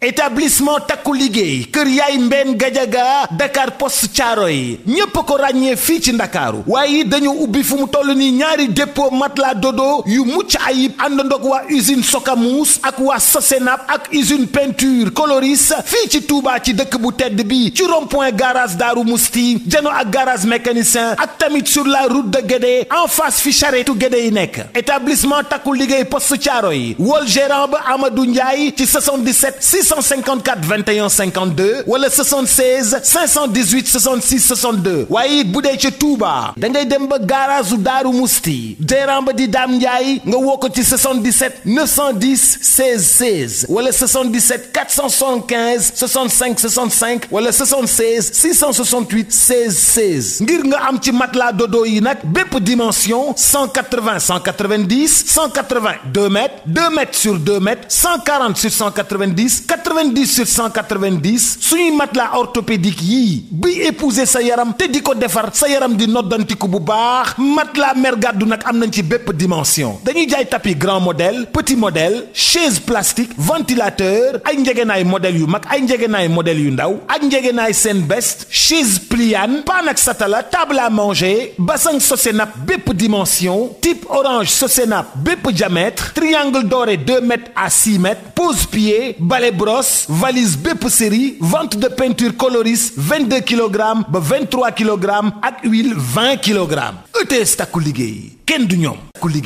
établissement takku liggéey kër yaay mbenn gajaga dakar post caaro yi ñépp ko ràññee fii ci ndakaaru waaye dañu ubbi fu mu toll nii ñaari dépôt matelas dodo yu mucc ayib àndandoog waa usine sokamuus ak waa sosenap ak usine peinture coloris fii ci Touba ci dëkk bu tedd bi ci rond point garage daaru musti jano ak garage mécanicien ak tamit sur la route de Guédé en face fi charrette Guédé yi nekk établissement takku liggéey post caaro yi wol gérant ba amadou ndiaye ci 77 654 21 52 wala 76 518 66 62 waaye it bu dee ci Touba da ngay dem ba garage Daaru Musti Déran ba di Daam Ndiaye nga woo ko ci 77 910 16 16 wala 77 475 65 65 wala 76 668 16 16 ngir nga am ci matelas dodo yi nag bépp dimension 180 190 180 2 mètres 2 mètres sur 2 mètres 140 sur 98 190 suñuy matelas orthopédique yii bi épouser sa yaram te di ko defar sa yaram di noddantiku bu baax matelas mer gàddu nag am nañ ci bépp dimension dañuy jaay tapis grand modèle petit modèle chaise plastique ventilateur ay njëgënaay modèle yu mag ay njegenaay modèle yu ndaw ak njëgënaay seen best chaise pliante pan ak satala table à manger bassin Sosenap bépp dimension type orange Sosenap bépp diamètre triangle doore 2 mètres à 6 mètres pose pied balai brosse valise bépp série vente de peinture coloris 22 kilogrammes ba 23 kilogrammes ak huile 20 kilogrammes ETS takku liggéey kenn du ñoom.